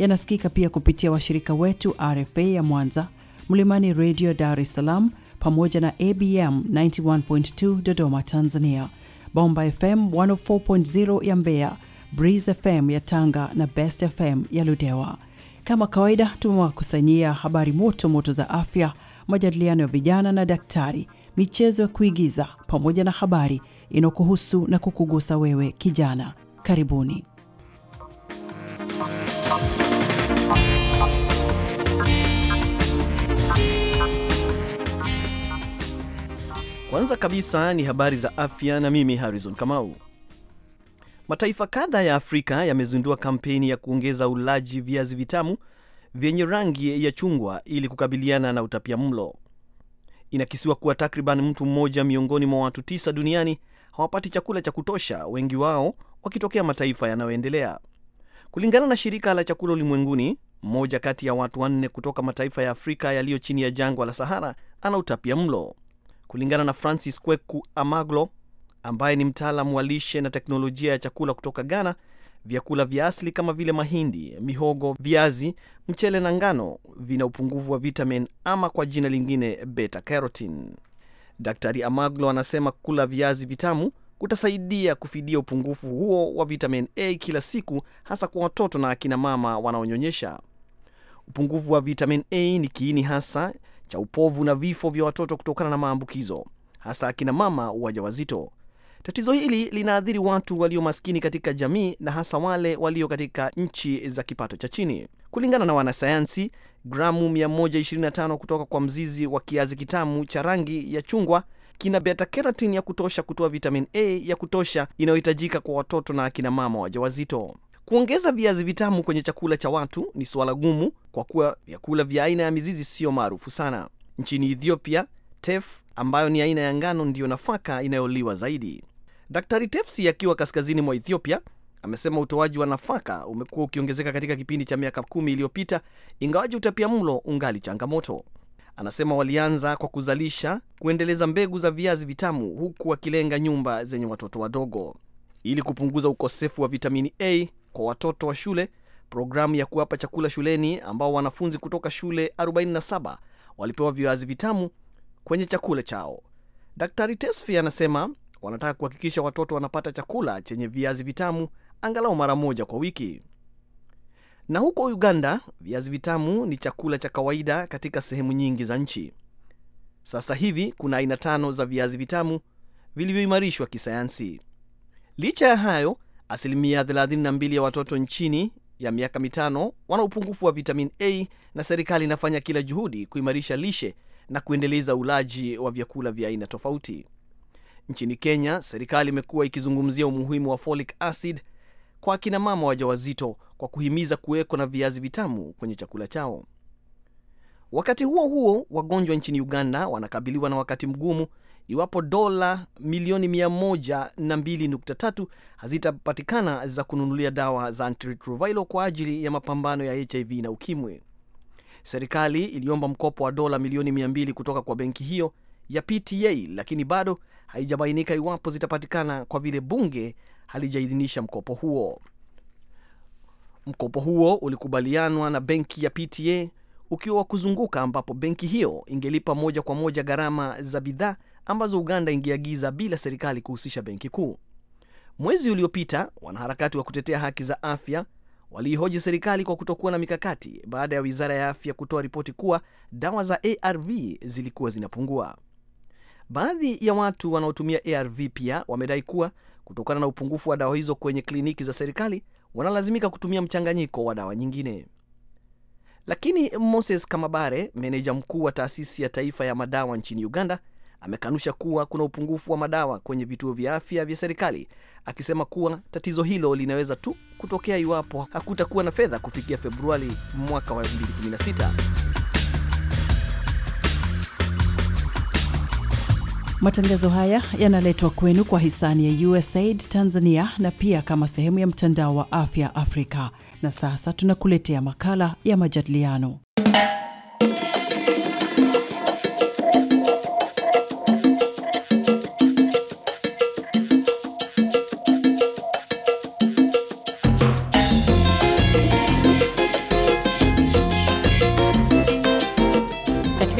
yanasikika pia kupitia washirika wetu RFA ya Mwanza, Mlimani Radio dares Dar es Salaam pamoja na ABM 91.2 Dodoma Tanzania, Bomba FM 104.0 ya Mbeya, Breeze FM ya Tanga na Best FM ya Ludewa. Kama kawaida, tumewakusanyia habari moto moto za afya, majadiliano ya vijana na daktari, michezo ya kuigiza pamoja na habari inayokuhusu na kukugusa wewe kijana. Karibuni. Kwanza kabisa ni habari za afya na mimi Harrison Kamau. Mataifa kadha ya Afrika yamezindua kampeni ya kuongeza ulaji viazi vitamu vyenye rangi ya chungwa ili kukabiliana na utapia mlo. Inakisiwa kuwa takriban mtu mmoja miongoni mwa watu tisa duniani hawapati chakula cha kutosha, wengi wao wakitokea mataifa yanayoendelea. Kulingana na shirika la chakula ulimwenguni, mmoja kati ya watu wanne kutoka mataifa ya Afrika yaliyo chini ya jangwa la Sahara ana utapia mlo. Kulingana na Francis Kweku Amaglo ambaye ni mtaalamu wa lishe na teknolojia ya chakula kutoka Ghana, vyakula vya asili kama vile mahindi, mihogo, viazi, mchele na ngano vina upungufu wa vitamin ama kwa jina lingine beta carotin Daktari Amaglo anasema kula viazi vitamu kutasaidia kufidia upungufu huo wa vitamin A kila siku, hasa kwa watoto na akina mama wanaonyonyesha. Upungufu wa vitamin A ni kiini hasa cha upovu na vifo vya watoto kutokana na maambukizo, hasa akina mama waja wazito Tatizo hili linaathiri watu walio maskini katika jamii na hasa wale walio katika nchi za kipato cha chini. Kulingana na wanasayansi, gramu 125 kutoka kwa mzizi wa kiazi kitamu cha rangi ya chungwa kina beta ya kutosha kutoa vitamin A ya kutosha inayohitajika kwa watoto na akina mama wajawazito. Kuongeza viazi vitamu kwenye chakula cha watu ni suala gumu kwa kuwa vyakula vya aina ya mizizi siyo maarufu sana. Nchini Ethiopia, tef ambayo ni aina ya ngano ndiyo nafaka inayoliwa zaidi. Daktari Tefsi akiwa kaskazini mwa Ethiopia amesema utoaji wa nafaka umekuwa ukiongezeka katika kipindi cha miaka kumi iliyopita, ingawaji utapia mlo ungali changamoto. Anasema walianza kwa kuzalisha kuendeleza mbegu za viazi vitamu huku wakilenga nyumba zenye watoto wadogo. Ili kupunguza ukosefu wa vitamini A kwa watoto wa shule, programu ya kuwapa chakula shuleni, ambao wanafunzi kutoka shule 47 walipewa viazi vitamu kwenye chakula chao. Daktari Tesfi anasema wanataka kuhakikisha watoto wanapata chakula chenye viazi vitamu angalau mara moja kwa wiki. Na huko Uganda, viazi vitamu ni chakula cha kawaida katika sehemu nyingi za nchi. Sasa hivi kuna aina tano za viazi vitamu vilivyoimarishwa kisayansi. Licha ya hayo, Asilimia 32 ya watoto nchini ya miaka mitano wana upungufu wa vitamin A na serikali inafanya kila juhudi kuimarisha lishe na kuendeleza ulaji wa vyakula vya aina tofauti. Nchini Kenya, serikali imekuwa ikizungumzia umuhimu wa folic acid kwa akina mama wajawazito kwa kuhimiza kuwekwa na viazi vitamu kwenye chakula chao. Wakati huo huo, wagonjwa nchini Uganda wanakabiliwa na wakati mgumu iwapo dola milioni 102.3 hazitapatikana za kununulia dawa za antiretroviral kwa ajili ya mapambano ya HIV na ukimwi. Serikali iliomba mkopo wa dola milioni 200 kutoka kwa benki hiyo ya PTA, lakini bado haijabainika iwapo zitapatikana kwa vile bunge halijaidhinisha mkopo huo. Mkopo huo ulikubalianwa na benki ya PTA ukiwa wa kuzunguka ambapo benki hiyo ingelipa moja kwa moja gharama za bidhaa ambazo Uganda ingeagiza bila serikali kuhusisha benki kuu. Mwezi uliopita, wanaharakati wa kutetea haki za afya waliihoji serikali kwa kutokuwa na mikakati baada ya wizara ya afya kutoa ripoti kuwa dawa za ARV zilikuwa zinapungua. Baadhi ya watu wanaotumia ARV pia wamedai kuwa kutokana na upungufu wa dawa hizo kwenye kliniki za serikali, wanalazimika kutumia mchanganyiko wa dawa nyingine. Lakini Moses Kamabare, meneja mkuu wa taasisi ya taifa ya madawa nchini Uganda, amekanusha kuwa kuna upungufu wa madawa kwenye vituo vya afya vya serikali, akisema kuwa tatizo hilo linaweza tu kutokea iwapo hakutakuwa na fedha kufikia Februari mwaka wa 2016. Matangazo haya yanaletwa kwenu kwa hisani ya USAID Tanzania na pia kama sehemu ya mtandao wa afya Afrika. Na sasa tunakuletea makala ya majadiliano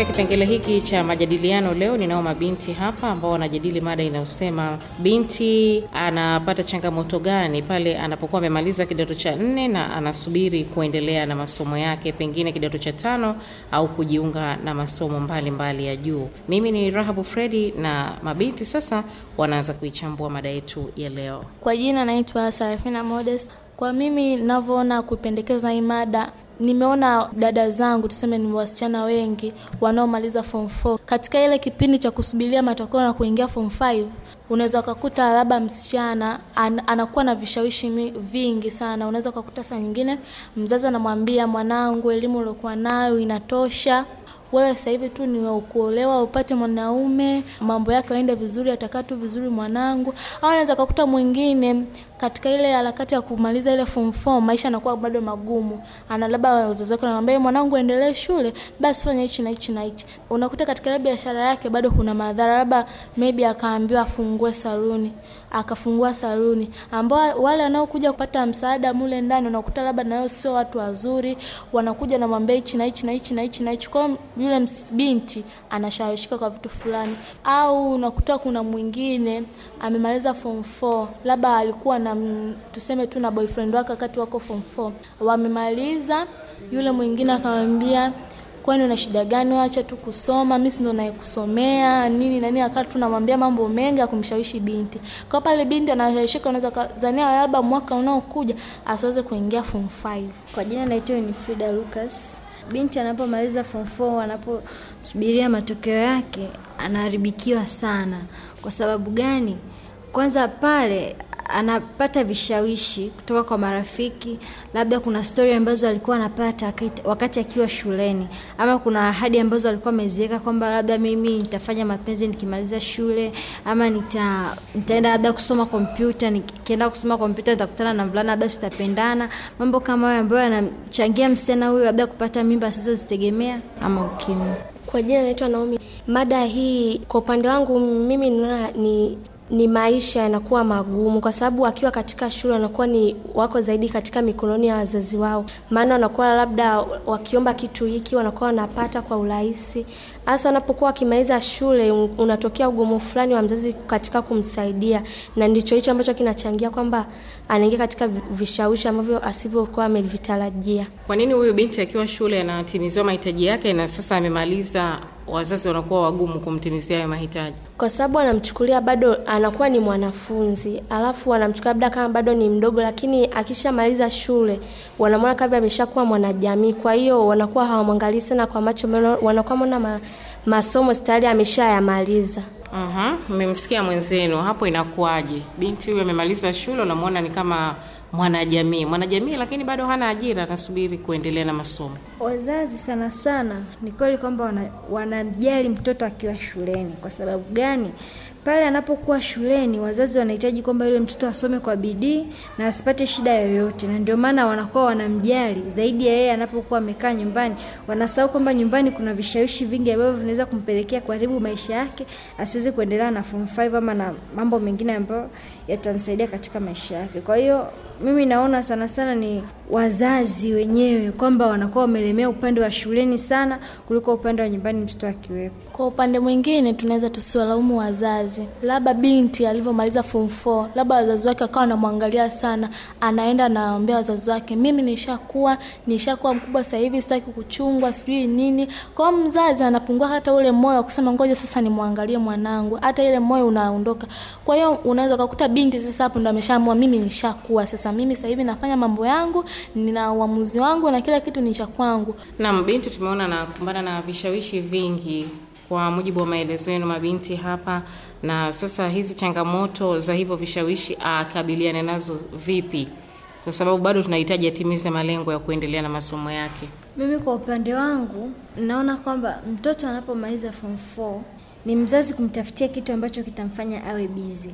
Katika kipengele hiki cha majadiliano leo ninao mabinti hapa ambao wanajadili mada inayosema binti anapata changamoto gani pale anapokuwa amemaliza kidato cha nne na anasubiri kuendelea na masomo yake, pengine kidato cha tano au kujiunga na masomo mbalimbali mbali ya juu. Mimi ni Rahabu Fredi na mabinti sasa wanaanza kuichambua mada yetu ya leo. Kwa jina naitwa Sarafina Modest. Kwa mimi navyoona kupendekeza hii mada nimeona dada zangu tuseme ni wasichana wengi wanaomaliza form 4 katika ile kipindi cha kusubiria matokeo na kuingia form 5 unaweza ukakuta labda msichana an, anakuwa na vishawishi vingi sana. Unaweza ukakuta saa nyingine mzazi anamwambia mwanangu, elimu uliokuwa nayo inatosha wewe sasa hivi tu ni ukuolewa upate mwanaume, mambo yake waende vizuri, atakaa tu vizuri mwanangu. Au anaweza kakuta mwingine katika ile harakati ya kumaliza ile form 4 maisha yanakuwa bado magumu, ana labda wazazi wake wanamwambia mwanangu, endelee shule, basi fanya hichi na hichi na hichi. Unakuta katika ile biashara yake bado kuna madhara, labda maybe akaambiwa afungue saluni, akafungua saluni, ambao wale wanaokuja kupata msaada mule ndani, unakuta labda nayo sio watu wazuri, wanakuja na mwambia hichi na hichi na hichi na hichi na hichi, kwa yule binti anashawishika kwa vitu fulani, au unakuta kuna mwingine amemaliza form 4, labda alikuwa na tuseme tu na boyfriend wake wakati wako form 4, wamemaliza. Yule mwingine akamwambia kwani una shida gani? Acha tu kusoma, mimi si ndo nayekusomea nini nani. Akawa tunamwambia mambo mengi akumshawishi binti, kwa pale binti anashawishika, unaweza kadhania labda mwaka unaokuja asiweze kuingia form 5. Kwa jina naitwa ni Frida Lucas binti anapomaliza form 4 anaposubiria matokeo yake anaharibikiwa sana. Kwa sababu gani? Kwanza pale anapata vishawishi kutoka kwa marafiki, labda kuna stori ambazo alikuwa anapata wakati akiwa shuleni, ama kuna ahadi ambazo alikuwa ameziweka kwamba labda mimi nitafanya mapenzi nikimaliza shule, ama nita, nitaenda labda kusoma kompyuta. Nikienda kusoma kompyuta nitakutana na mvulana, labda tutapendana. Mambo kama hayo ambayo yanamchangia msichana huyu labda kupata mimba asizozitegemea ama ukimwi. Kwa jina naitwa Naomi. Mada hii kwa upande wangu mimi ninaona ni ni maisha yanakuwa magumu, kwa sababu wakiwa katika shule wanakuwa ni wako zaidi katika mikononi ya wazazi wao, maana wanakuwa labda wakiomba kitu hiki wanakuwa wanapata kwa urahisi, hasa anapokuwa wakimaliza shule, unatokea ugumu fulani wa mzazi katika kumsaidia, na ndicho hicho ambacho kinachangia kwamba anaingia katika vishawishi ambavyo asivyokuwa amevitarajia. Kwa nini huyu binti akiwa shule anatimiziwa mahitaji yake na sasa amemaliza wazazi wanakuwa wagumu kumtimizia hayo mahitaji, kwa sababu anamchukulia bado anakuwa ni mwanafunzi, alafu wanamchukulia labda kama bado ni mdogo, lakini akishamaliza shule wanamwona kabla ameshakuwa mwanajamii. Kwa hiyo wanakuwa hawamwangalii sana kwa macho wanakuwa mwana ma, masomo tayari ameshayamaliza. Mmemsikia uh -huh. Mwenzenu hapo inakuwaje? Binti huyu amemaliza shule, unamwona ni kama mwanajamii mwanajamii, lakini bado hana ajira, anasubiri kuendelea na masomo. Wazazi sana sana, ni kweli kwamba wanamjali wana mtoto akiwa shuleni. Kwa sababu gani? Pale anapokuwa shuleni, wazazi wanahitaji kwamba yule mtoto asome kwa bidii na asipate shida yoyote, na ndio maana wanakuwa wanamjali zaidi ya yeye anapokuwa amekaa nyumbani. Wanasahau kwamba nyumbani kuna vishawishi vingi ambavyo vinaweza kumpelekea kuharibu maisha yake asiweze kuendelea na form 5 ama na mambo mengine ambayo yatamsaidia katika maisha yake. Kwa hiyo mimi naona sana sana ni wazazi wenyewe kwamba wanakuwa wamelemea upande wa shuleni sana kuliko upande wa nyumbani mtoto akiwepo. Kwa upande mwingine, tunaweza tusiwalaumu wazazi, labda binti alivyomaliza form 4 labda wazazi wake wakawa wanamwangalia sana, anaenda anawaambia wazazi wake, mimi nishakuwa nishakuwa mkubwa sasa hivi, sitaki kuchungwa sijui nini. Kwa mzazi anapungua hata ule moyo wa kusema ngoja sasa nimwangalie mwanangu, hata ile moyo unaondoka. Kwa hiyo unaweza ukakuta binti binti sasa hapo ndo ameshaamua mimi nishakuwa sasa, mimi sasa hivi nafanya mambo yangu, nina uamuzi wangu na kila kitu ni cha kwangu. na binti tumeona nakumbana na vishawishi vingi kwa mujibu wa maelezo yenu mabinti hapa, na sasa hizi changamoto za hivyo vishawishi akabiliane nazo vipi? Kwa sababu bado tunahitaji atimize malengo ya kuendelea na masomo yake. Mimi kwa upande wangu naona kwamba mtoto anapomaliza form 4 ni mzazi kumtafutia kitu ambacho kitamfanya awe bizi,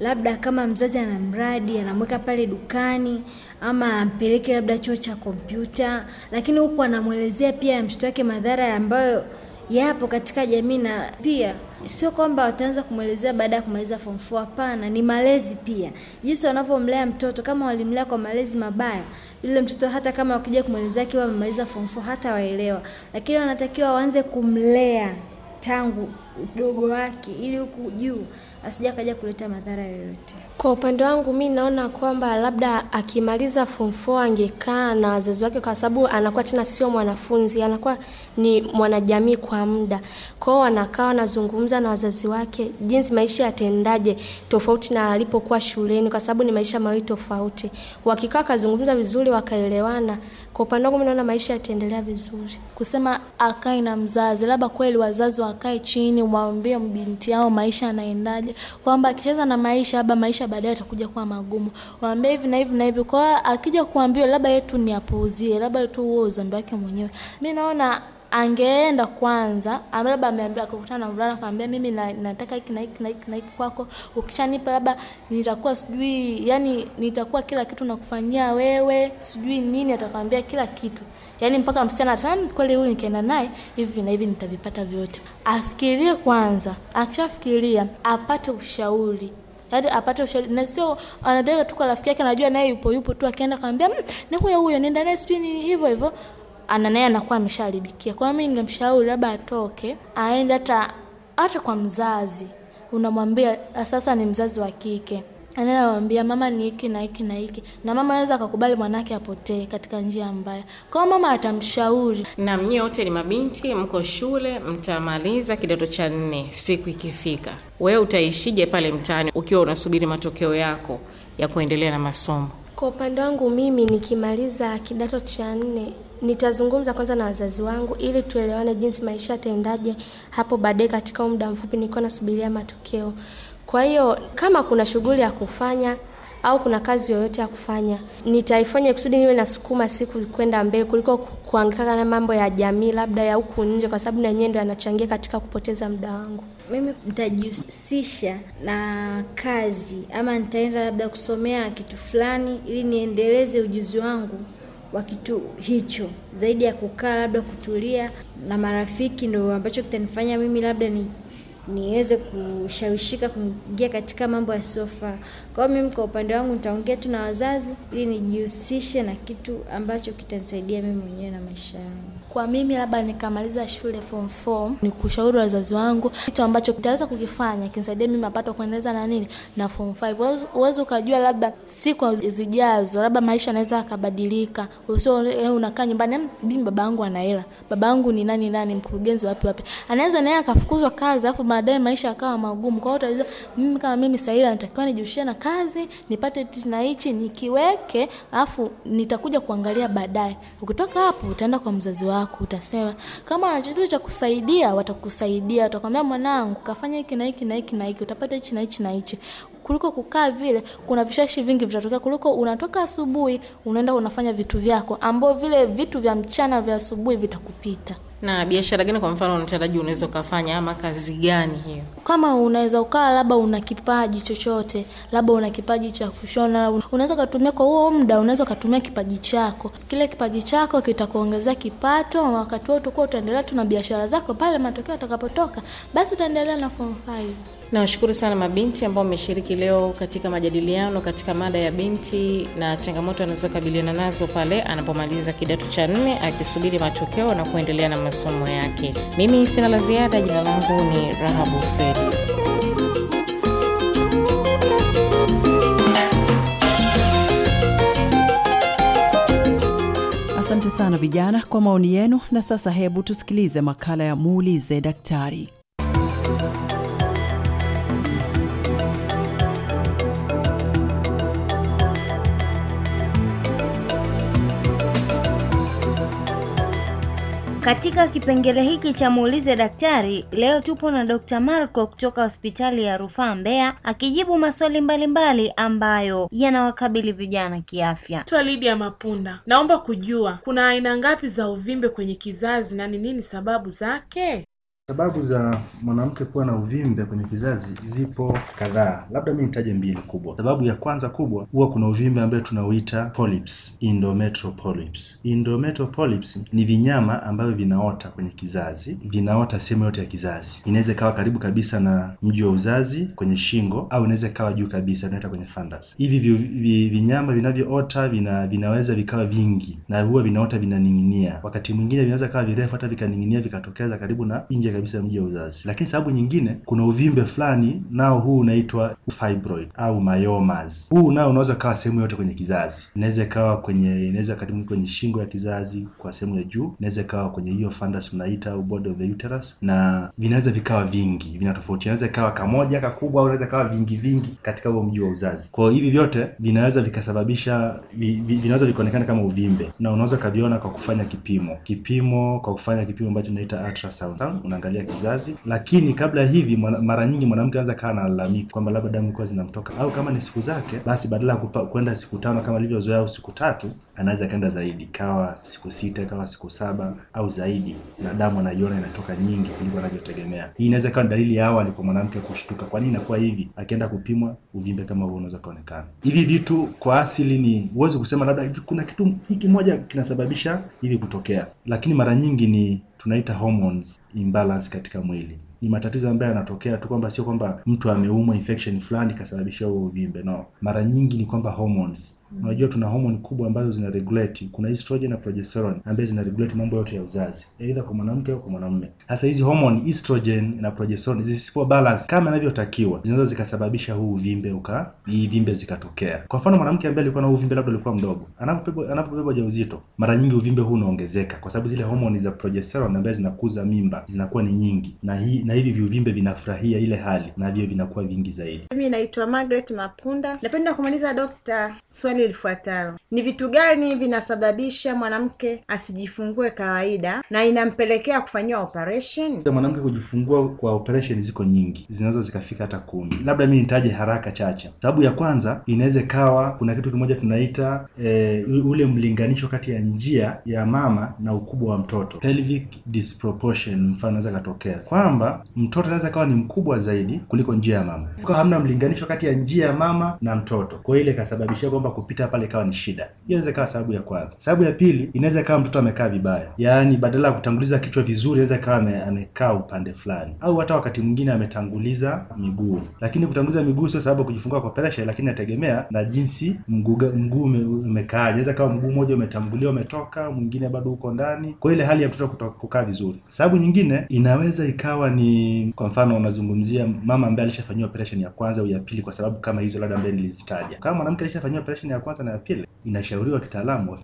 labda kama mzazi ana mradi anamweka pale dukani ama ampeleke labda chuo cha kompyuta, lakini huku anamwelezea pia mtoto wake madhara ambayo yapo katika jamii, na pia sio kwamba wataanza kumwelezea baada ya kumaliza form Hapana, ni malezi pia, jinsi wanavyomlea mtoto. Kama walimlea kwa malezi mabaya, yule mtoto hata kama wakija kumwelezea kiwa amemaliza form hata waelewa, lakini wanatakiwa waanze kumlea tangu udogo wake, ili huku juu asija kaja kuleta madhara yoyote. Kwa upande wangu mi naona kwamba labda akimaliza form 4 angekaa na wazazi wake, kwa sababu anakuwa tena sio mwanafunzi, anakuwa ni mwanajamii kwa muda. Kwa hiyo anakaa anazungumza na wazazi wake jinsi maisha yatendaje, tofauti na alipokuwa shuleni, kwa sababu ni maisha mawili tofauti. Wakikaa wakazungumza vizuri, wakaelewana, kwa upande wangu mi naona maisha yataendelea vizuri. Kusema akae na mzazi, labda kweli wazazi wakae chini, mwambie binti yao maisha anaendaje, kwamba akicheza na maisha labda maisha baadaye atakuja kuwa magumu. Waambie hivi na hivi na hivi. Kwa akija kuambiwa labda yetu ni apuuzie, labda tu huo uzambi wake mwenyewe. Mimi naona angeenda kwanza, labda ameambiwa, akakutana na mvulana akamwambia, mimi na, nataka hiki na hiki na hiki na hiki kwako, ukishanipa labda nitakuwa sijui, yani nitakuwa kila kitu nakufanyia wewe, sijui nini, atakwambia kila kitu, yani mpaka msichana atam, hmm, kweli huyu nikaenda naye hivi na hivi nitavipata vyote. Afikirie kwanza, akishafikiria apate ushauri hadi apate ushauri, na sio anataka tu kwa rafiki yake, anajua naye yupo yupo tu, kaambia kumwambia hmm, ni huyo huyo nenda naye sijui nini, hivyo hivyo ana naye anakuwa ameshaharibikia. Kwa mimi ningemshauri labda atoke aende hata hata kwa mzazi, unamwambia sasa, ni mzazi wa kike anaenda anamwambia mama ni hiki na hiki na hiki, na mama anaweza akakubali mwanake apotee katika njia mbaya. Kwa mama atamshauri. Na mnyie wote ni mabinti, mko shule, mtamaliza kidato cha nne siku ikifika, wewe utaishije pale mtaani ukiwa unasubiri matokeo yako ya kuendelea na masomo? Kwa upande wangu mimi nikimaliza kidato cha nne nitazungumza kwanza na wazazi wangu ili tuelewane jinsi maisha yataendaje hapo baadaye, katika muda mfupi nikiwa nasubiria matokeo. Kwa hiyo kama kuna shughuli ya kufanya au kuna kazi yoyote ya kufanya nitaifanya kusudi niwe nasukuma siku kwenda mbele kuliko kuangikana na mambo ya jamii labda ya huku nje, kwa sababu na ndo anachangia katika kupoteza muda wangu. Mimi nitajihusisha na kazi ama nitaenda labda kusomea kitu fulani ili niendeleze ujuzi wangu wa kitu hicho, zaidi ya kukaa labda kutulia na marafiki, ndo ambacho kitanifanya mimi labda ni niweze kushawishika kuingia katika mambo yasiyofaa. Kwa hiyo mimi kwa upande wangu nitaongea tu na wazazi ili nijihusishe na kitu ambacho kitanisaidia mimi mwenyewe na maisha yangu. Kwa mimi labda nikamaliza shule form four, ni kushauri wazazi wangu kitu ambacho kitaweza kukifanya kinisaidia mimi mapato kuendeleza na nini na form five. Uweze ukajua labda siku zijazo labda maisha yanaweza yakabadilika, usio eh, unakaa nyumbani yaani baba yangu ana hela, baba yangu ni nani nani, mkurugenzi wapi wapi, anaweza naye akafukuzwa kazi afu ma baadaye maisha yakawa magumu. Kwa hiyo utaweza mimi kama mimi sasa hivi natakiwa nijihusishe na kazi, nipate hichi na hichi nikiweke, alafu nitakuja kuangalia baadaye. Ukitoka hapo utaenda kwa mzazi wako, utasema kama ana chochote cha kusaidia, watakusaidia, watakwambia mwanangu, kafanya hiki na hiki na hiki na hiki, utapata hichi na hichi na hichi kuliko kukaa vile. Kuna vishashi vingi vitatokea, kuliko unatoka asubuhi unaenda unafanya vitu vyako, ambao vile vitu vya mchana vya asubuhi vitakupita na biashara gani kwa mfano unataraji unaweza ukafanya ama kazi gani hiyo? Kama unaweza ukawa labda una kipaji chochote, labda una kipaji cha kushona, unaweza ukatumia kwa huo muda, unaweza ukatumia kipaji chako. Kile kipaji chako kitakuongezea kipato, wakati huo utakuwa utaendelea tu na biashara zako. Pale matokeo atakapotoka, basi utaendelea na form 5. Nawashukuru sana mabinti ambao wameshiriki leo katika majadiliano katika mada ya binti na changamoto anazokabiliana nazo pale anapomaliza kidato cha nne akisubiri matokeo na kuendelea na masomo yake. Mimi sina la ziada. Jina langu ni Rahabu Fredi. Asante sana vijana kwa maoni yenu, na sasa hebu tusikilize makala ya muulize daktari. Katika kipengele hiki cha muulize daktari leo tupo na Dr. Marco kutoka hospitali ya Rufaa Mbeya akijibu maswali mbalimbali mbali ambayo yanawakabili vijana kiafya. Swali ya Mapunda, naomba kujua kuna aina ngapi za uvimbe kwenye kizazi na ni nini sababu zake? Sababu za mwanamke kuwa na uvimbe kwenye kizazi zipo kadhaa, labda mimi nitaje mbili kubwa. Sababu ya kwanza kubwa, huwa kuna uvimbe ambayo tunauita polyps, endometrial polyps. Endometrial polyps ni vinyama ambavyo vinaota kwenye kizazi, vinaota sehemu yote ya kizazi. Inaweza ikawa karibu kabisa na mji wa uzazi kwenye shingo, au inaweza ikawa juu kabisa, inaita kwenye fundus. Hivi vinyama vinavyoota vina, vinaweza vikawa vingi na huwa vinaota vinaning'inia, wakati mwingine vinaweza kawa virefu hata vikaning'inia vikatokeza karibu na nje kabisa mji wa uzazi. Lakini sababu nyingine, kuna uvimbe fulani nao huu unaitwa fibroid au myomas. Huu nao unaweza kawa sehemu yote kwenye kizazi, inaweza ikawa kwenye inaweza katimu kwenye shingo ya kizazi kwa sehemu ya juu, inaweza ikawa kwenye hiyo fundus tunaita au body of the uterus, na vinaweza vikawa vingi, vinatofautiana, inaweza ikawa kamoja kakubwa, au inaweza ikawa vingi vingi katika huo mji wa uzazi. Kwa hiyo hivi vyote vinaweza vikasababisha vinaweza vikaonekana kama uvimbe, na unaweza ukaviona kwa kufanya kipimo kipimo, kwa kufanya kipimo ambacho tunaita ultrasound, unaangalia kuangalia kizazi, lakini kabla hivi mara nyingi mwanamke anaweza kaa analalamika kwamba labda damu ilikuwa zinamtoka, au kama ni siku zake, basi badala ya kwenda siku tano kama alivyozoea au siku tatu, anaweza kaenda zaidi, kawa siku sita, kawa siku saba au zaidi, na damu anaiona inatoka nyingi kuliko anavyotegemea. Hii inaweza kawa dalili ya awali kwa mwanamke kushtuka, kwa nini inakuwa hivi? Akienda kupimwa, uvimbe kama huo unaweza kaonekana. Hivi vitu kwa asili ni huwezi kusema labda kuna kitu hiki moja kinasababisha hivi kutokea, lakini mara nyingi ni tunaita hormones imbalance katika mwili. Ni matatizo ambayo yanatokea tu, kwamba sio kwamba mtu ameumwa infection fulani ikasababisha huo uvimbe, no. Mara nyingi ni kwamba hormones Mm. Unajua tuna homoni kubwa ambazo zina regulate, kuna estrogen na progesterone ambazo zina regulate mambo yote ya uzazi, aidha kwa mwanamke au kwa mwanamume. Sasa hizi homoni estrogen na progesterone zisipo balance kama inavyotakiwa, zinaweza zikasababisha huu uvimbe uka hii vimbe zikatokea. Kwa mfano, mwanamke ambaye alikuwa na uvimbe labda alikuwa mdogo, anapobeba anapobeba ujauzito, mara nyingi uvimbe huu unaongezeka kwa sababu zile homoni za progesterone ambazo zinakuza mimba zinakuwa ni nyingi, na hii na hivi viuvimbe vinafurahia ile hali na hivyo vinakuwa vingi zaidi. Mimi naitwa Margaret Mapunda, napenda kumaliza daktari Swani gani lifuatalo: ni vitu gani vinasababisha mwanamke asijifungue kawaida na inampelekea kufanyiwa operation? Mwanamke kujifungua kwa operation ziko nyingi, zinaweza zikafika hata kumi. Labda mi nitaje haraka chache Sababu ya kwanza inaweza ikawa kuna kitu kimoja tunaita e, ule mlinganisho kati ya njia ya mama na ukubwa wa mtoto, pelvic disproportion mfano naweza katokea kwamba mtoto anaweza kawa ni mkubwa zaidi kuliko njia ya mama, kwa hamna mlinganisho kati ya njia ya mama na mtoto, kwa ile ikasababishia kwamba kupita pale ikawa ni shida. Hiyo inaweza ikawa sababu ya kwanza. Sababu ya pili inaweza ikawa mtoto amekaa vibaya, yaani badala ya kutanguliza kichwa vizuri inaweza ikawa amekaa upande fulani, au hata wakati mwingine ametanguliza miguu. Lakini kutanguliza miguu sio sababu ya kujifungua kwa pressure, lakini inategemea na jinsi mguu umekaa. Inaweza ikawa mguu mmoja umetangulia umetoka, mwingine bado uko ndani, kwa ile hali ya mtoto kukaa vizuri. Sababu nyingine inaweza ikawa ni kwa mfano, unazungumzia mama ambaye alishafanyiwa operation ya kwanza au ya pili, kwa sababu kama hizo labda ambaye nilizitaja. Kama mwanamke alishafanyiwa operation ya ya kwanza na ya pili, inashauriwa kitaalamu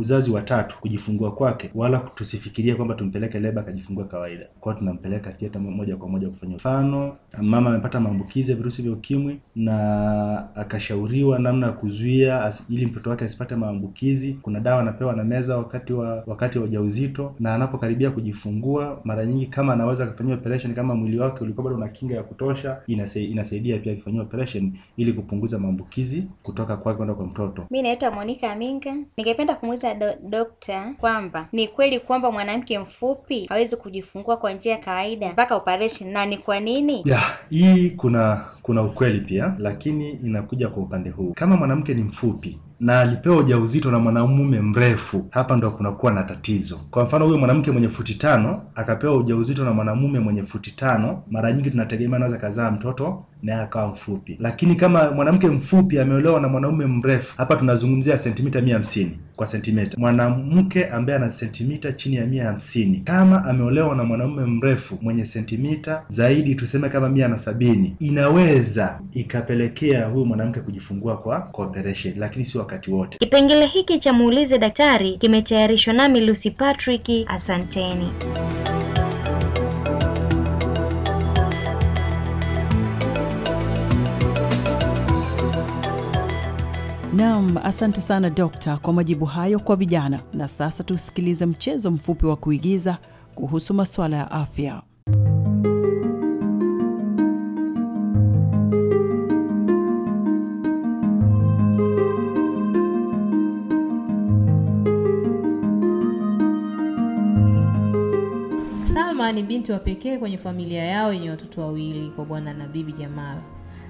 uzazi wa tatu kujifungua kwake, wala tusifikirie kwamba tumpeleke leba akajifungua kawaida, kwa tunampeleka theater moja kwa moja kufanya. Mfano, mama amepata maambukizi ya virusi vya ukimwi na akashauriwa namna ya kuzuia ili mtoto wake asipate maambukizi. Kuna dawa anapewa na meza wakati wa wakati wa ujauzito, na anapokaribia kujifungua, mara nyingi kama anaweza akafanyia operation, kama mwili wake ulikuwa bado una kinga ya kutosha, inasaidia pia akifanyiwa operation ili kupunguza maambukizi kutoka kwake kwenda kwa mtoto. Mi naitwa Monika Minga, ningependa kumuuliza do dokta kwamba ni kweli kwamba mwanamke mfupi hawezi kujifungua kwa njia ya kawaida mpaka operation na ni kwa nini? Yeah, hii kuna kuna ukweli pia, lakini inakuja kwa upande huu, kama mwanamke ni mfupi na alipewa ujauzito na mwanamume mrefu, hapa ndo kunakuwa na tatizo. Kwa mfano, huyo mwanamke mwenye futi tano akapewa ujauzito na mwanamume mwenye futi tano, mara nyingi tunategemea anaweza kazaa mtoto naye akawa mfupi. Lakini kama mwanamke mfupi ameolewa na mwanamume mrefu, hapa tunazungumzia sentimita mia hamsini kwa sentimita. Mwanamke ambaye ana sentimita chini ya mia hamsini kama ameolewa na mwanaume mrefu mwenye sentimita zaidi, tuseme kama mia na sabini, inaweza ikapelekea huyu mwanamke kujifungua kwa cooperation, lakini si wakati wote. Kipengele hiki cha muulize daktari kimetayarishwa nami Lucy Patrick, asanteni. Naam, asante sana dokta kwa majibu hayo kwa vijana. Na sasa tusikilize mchezo mfupi wa kuigiza kuhusu masuala ya afya. Salma ni binti wa pekee kwenye familia yao yenye watoto wawili kwa bwana na bibi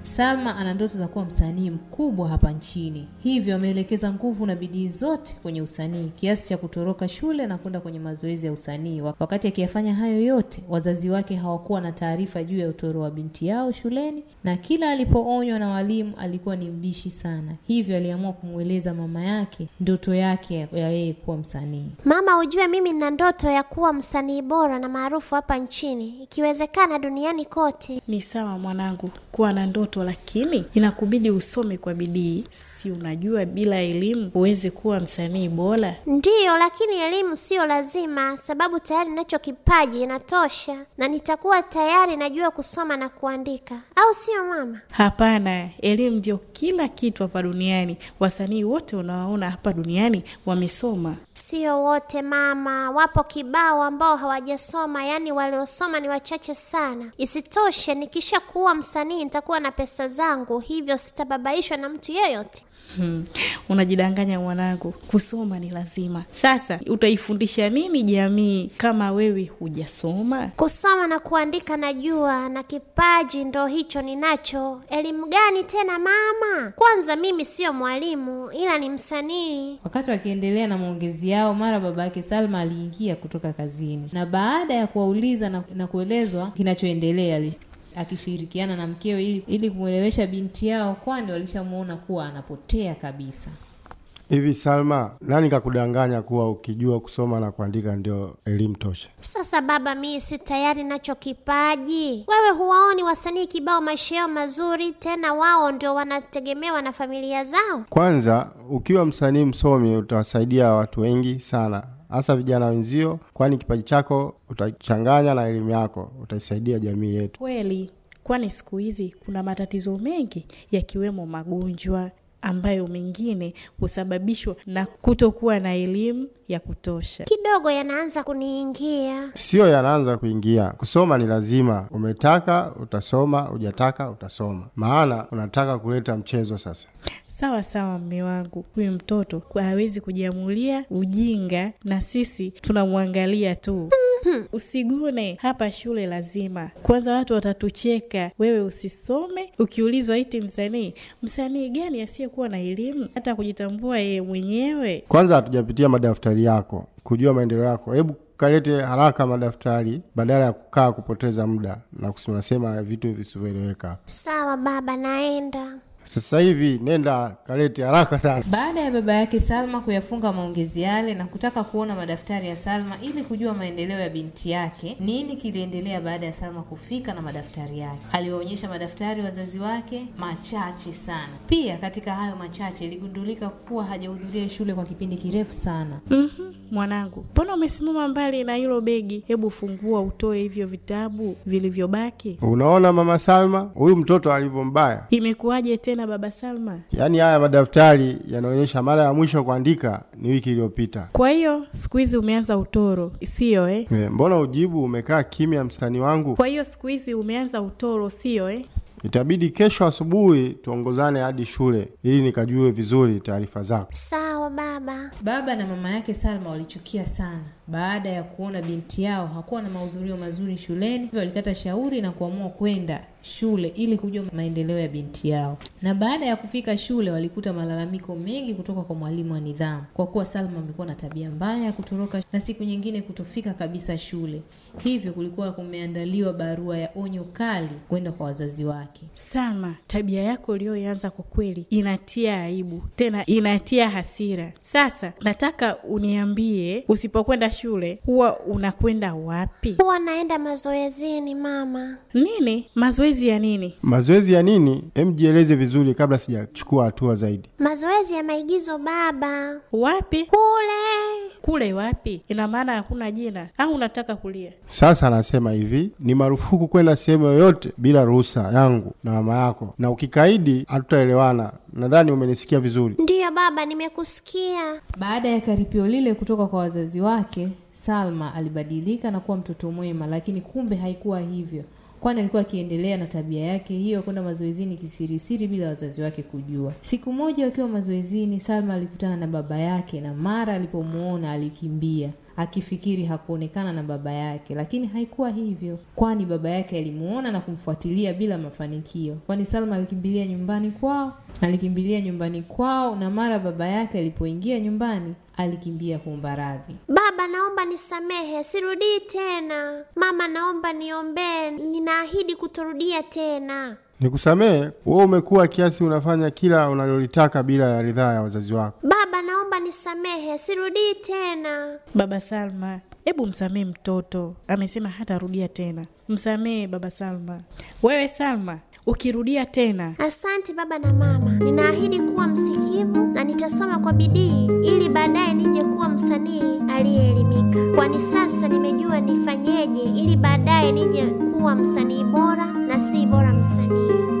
Salma ana ndoto za kuwa msanii mkubwa hapa nchini, hivyo ameelekeza nguvu na bidii zote kwenye usanii kiasi cha kutoroka shule na kwenda kwenye mazoezi ya usanii. Wakati akiyafanya hayo yote, wazazi wake hawakuwa na taarifa juu ya utoro wa binti yao shuleni, na kila alipoonywa na walimu alikuwa ni mbishi sana, hivyo aliamua kumweleza mama yake ndoto yake ya yeye kuwa msanii. Mama, ujue mimi nina ndoto ya kuwa msanii bora na maarufu hapa nchini, ikiwezekana duniani kote. Ni sawa mwanangu, kuwa na ndoto ndoto, lakini inakubidi usome kwa bidii. Si unajua bila elimu huwezi kuwa msanii bora? Ndiyo, lakini elimu siyo lazima, sababu tayari nacho kipaji inatosha, na nitakuwa tayari najua kusoma na kuandika, au sio mama? Hapana, elimu ndio kila kitu hapa duniani. Wasanii wote unawaona hapa duniani wamesoma. Sio wote mama, wapo kibao ambao hawajasoma, yaani waliosoma ni wachache sana. Isitoshe, nikishakuwa msanii nitakuwa na pesa zangu, hivyo sitababaishwa na mtu yeyote. Hmm. Unajidanganya mwanangu, kusoma ni lazima. Sasa utaifundisha nini jamii kama wewe hujasoma? Kusoma na kuandika najua, na kipaji ndo hicho ninacho. Elimu gani tena mama? Kwanza mimi siyo mwalimu, ila ni msanii. Wakati wakiendelea na maongezi yao, mara baba yake Salma aliingia kutoka kazini, na baada ya kuwauliza na, na kuelezwa kinachoendelea akishirikiana na mkeo ili, ili kumwelewesha binti yao, kwani walishamuona kuwa anapotea kabisa. Hivi Salma, nani kakudanganya kuwa ukijua kusoma na kuandika ndio elimu tosha? Sasa baba, mimi si tayari nacho kipaji. Wewe huwaoni wasanii kibao maisha yao mazuri, tena wao ndio wanategemewa na familia zao? Kwanza ukiwa msanii msomi utawasaidia watu wengi sana hasa vijana wenzio, kwani kipaji chako utachanganya na elimu yako, utaisaidia jamii yetu kweli. Kwani siku hizi kuna matatizo mengi yakiwemo magonjwa, ambayo mengine husababishwa na kutokuwa na elimu ya kutosha. Kidogo yanaanza kuniingia, siyo? Yanaanza kuingia. Kusoma ni lazima, umetaka utasoma, hujataka utasoma, maana unataka kuleta mchezo sasa. Sawa sawa, mme wangu, huyu mtoto hawezi kujiamulia ujinga, na sisi tunamwangalia tu. Hmm. usigune hapa shule lazima kwanza, watu watatucheka wewe usisome. Ukiulizwa iti msanii, msanii gani asiyekuwa na elimu hata kujitambua yeye mwenyewe? Kwanza hatujapitia madaftari yako kujua maendeleo yako, hebu kalete haraka madaftari badala ya kukaa kupoteza muda na kusemasema vitu visivyoeleweka. Sawa baba, naenda sasa hivi nenda kalete haraka sana. Baada ya baba yake Salma kuyafunga maongezi yale na kutaka kuona madaftari ya Salma ili kujua maendeleo ya binti yake, nini kiliendelea baada ya Salma kufika na madaftari yake? Aliwaonyesha madaftari wazazi wake machache sana. Pia katika hayo machache iligundulika kuwa hajahudhuria shule kwa kipindi kirefu sana. Mm -hmm. Mwanangu, mbona umesimama mbali na hilo begi? Hebu fungua utoe hivyo vitabu vilivyobaki. Unaona mama Salma, huyu mtoto alivyo mbaya. Imekuwaje tena na Baba Salma? Yaani haya madaftari yanaonyesha mara ya mwisho kuandika ni wiki iliyopita. Kwa hiyo siku hizi umeanza utoro, siyo eh? eh? Mbona ujibu umekaa kimya, msanii wangu? Kwa hiyo siku hizi umeanza utoro, sio eh? Itabidi kesho asubuhi tuongozane hadi shule ili nikajue vizuri taarifa zako. Sawa baba. Baba na mama yake Salma walichukia sana baada ya kuona binti yao hakuwa na mahudhurio mazuri shuleni, hivyo walikata shauri na kuamua kwenda shule ili kujua maendeleo ya binti yao. Na baada ya kufika shule, walikuta malalamiko mengi kutoka kwa mwalimu wa nidhamu, kwa kuwa Salma amekuwa na tabia mbaya ya kutoroka na siku nyingine kutofika kabisa shule. Hivyo kulikuwa kumeandaliwa barua ya onyo kali kwenda kwa wazazi wake. Salma, tabia yako uliyoianza kwa kweli inatia aibu, tena inatia hasira. Sasa nataka uniambie, usipokwenda shule huwa unakwenda wapi? Huwa naenda mazoezini. Mama, nini? Mazoezi ya nini? Mazoezi ya nini? Emjieleze vizuri kabla sijachukua hatua zaidi. Mazoezi ya maigizo baba. Wapi? Kule. Kule wapi? Ina maana hakuna jina au unataka kulia? Sasa anasema hivi, ni marufuku kwenda sehemu yoyote bila ruhusa yangu na mama yako, na ukikaidi hatutaelewana. Nadhani umenisikia vizuri. Ndiyo baba, nimekusikia. Baada ya karipio lile kutoka kwa wazazi wake, Salma alibadilika na kuwa mtoto mwema, lakini kumbe haikuwa hivyo, kwani alikuwa akiendelea na tabia yake hiyo kwenda mazoezini kisirisiri bila wazazi wake kujua. Siku moja wakiwa mazoezini, Salma alikutana na baba yake, na mara alipomwona alikimbia akifikiri hakuonekana na baba yake, lakini haikuwa hivyo, kwani baba yake alimuona na kumfuatilia bila mafanikio, kwani Salma alikimbilia nyumbani kwao, alikimbilia nyumbani kwao, na mara baba yake alipoingia nyumbani alikimbia kuumba radhi. Baba, naomba nisamehe, sirudii tena. Mama, naomba niombee, ninaahidi kutorudia tena. Nikusamehe? Wewe umekuwa kiasi unafanya kila unalolitaka bila ya ridhaa ya wazazi wako. Baba, naomba nisamehe, sirudii tena. Baba Salma, hebu msamehe mtoto, amesema hatarudia tena. Msamehe baba Salma. Wewe Salma, ukirudia tena. Asante baba na mama, ninaahidi kuwa msikivu na nitasoma kwa bidii ili baadaye nije kuwa msanii aliyeelimika, kwani sasa nimejua nifanyeje ili baadaye nije kuwa msanii bora na si bora msanii.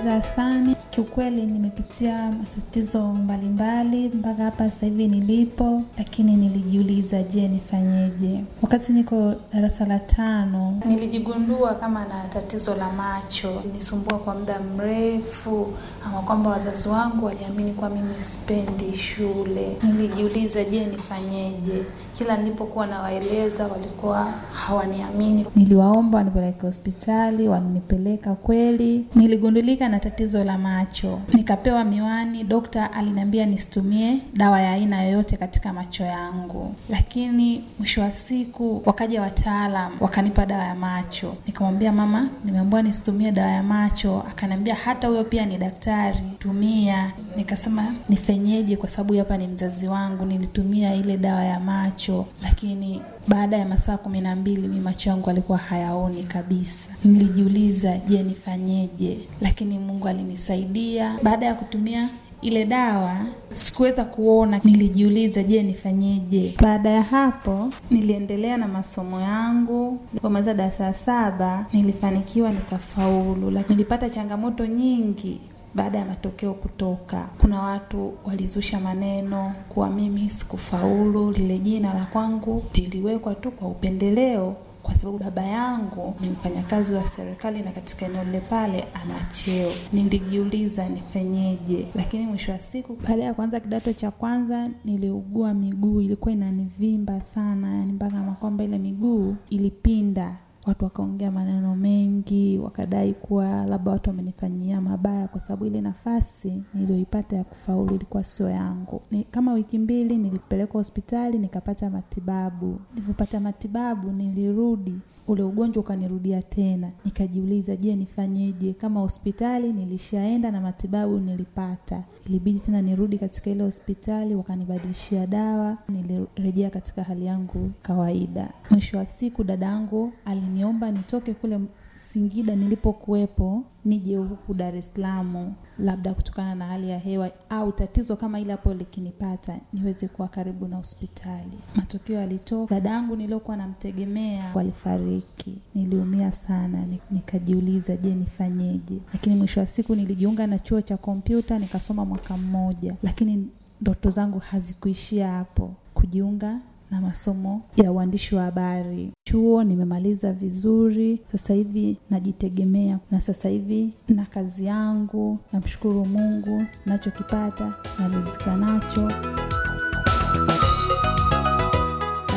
Hasani. Kiukweli nimepitia matatizo mbalimbali mpaka hapa sasa hivi nilipo, lakini nilijiuliza, je, nifanyeje? Wakati niko darasa la tano nilijigundua kama na tatizo la macho nisumbua kwa muda mrefu, ama kwamba wazazi wangu waliamini kuwa mimi spendi shule. Nilijiuliza, je, nifanyeje? Kila nilipokuwa nawaeleza walikuwa hawaniamini. Niliwaomba wanipeleke hospitali, walinipeleka kweli, niligundulika na tatizo la macho, nikapewa miwani. Dokta aliniambia nisitumie dawa ya aina yoyote katika macho yangu, lakini mwisho wa siku wakaja wataalam wakanipa dawa ya macho. Nikamwambia mama, nimeambiwa nisitumie dawa ya macho. Akaniambia hata huyo pia ni daktari, tumia. Nikasema nifenyeje? Kwa sababu hapa ni mzazi wangu, nilitumia ile dawa ya macho lakini baada ya masaa kumi na mbili mi macho yangu alikuwa hayaoni kabisa. Nilijiuliza, je, nifanyeje? Lakini Mungu alinisaidia. Baada ya kutumia ile dawa sikuweza kuona. Nilijiuliza, je, nifanyeje? Baada ya hapo niliendelea na masomo yangu. Nilipomaliza darasa saba nilifanikiwa nikafaulu, lakini nilipata changamoto nyingi baada ya matokeo kutoka, kuna watu walizusha maneno kuwa mimi sikufaulu. Lile jina la kwangu liliwekwa tu kwa upendeleo kwa sababu baba yangu ni mfanyakazi wa serikali na katika eneo lile pale ana cheo. Nilijiuliza nifanyeje, lakini mwisho wa siku, baada ya kuanza kidato cha kwanza, niliugua miguu, ilikuwa inanivimba sana, yani mpaka kwamba ile miguu ilipinda watu wakaongea maneno mengi, wakadai kuwa labda watu wamenifanyia mabaya, kwa sababu ile nafasi niliyoipata ya kufaulu ilikuwa sio yangu. Ni kama wiki mbili nilipelekwa hospitali nikapata matibabu. nilivyopata matibabu nilirudi ule ugonjwa ukanirudia tena. Nikajiuliza, je, nifanyeje? Kama hospitali nilishaenda na matibabu nilipata, ilibidi tena nirudi katika ile hospitali, wakanibadilishia dawa, nilirejea katika hali yangu kawaida. Mwisho wa siku, dada yangu aliniomba nitoke kule Singida nilipokuwepo nije huku Dar es Salaam, labda kutokana na hali ya hewa au tatizo kama ile hapo likinipata niweze kuwa karibu na hospitali. Matokeo yalitoka, dadangu niliokuwa namtegemea walifariki. Niliumia sana, nikajiuliza, je, nifanyeje? Lakini mwisho wa siku nilijiunga na chuo cha kompyuta nikasoma mwaka mmoja, lakini ndoto zangu hazikuishia hapo, kujiunga na masomo ya uandishi wa habari chuo nimemaliza vizuri, sasa hivi najitegemea na sasa hivi na kazi yangu. Namshukuru Mungu nachokipata nalizika nacho.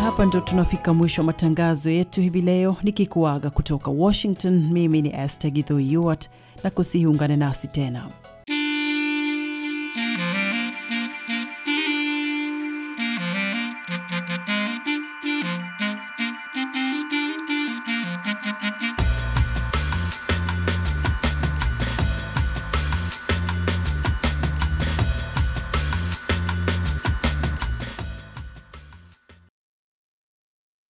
Hapa ndio tunafika mwisho wa matangazo yetu hivi leo, nikikuaga kutoka Washington. Mimi ni este Githo na kusihi ungane nasi tena.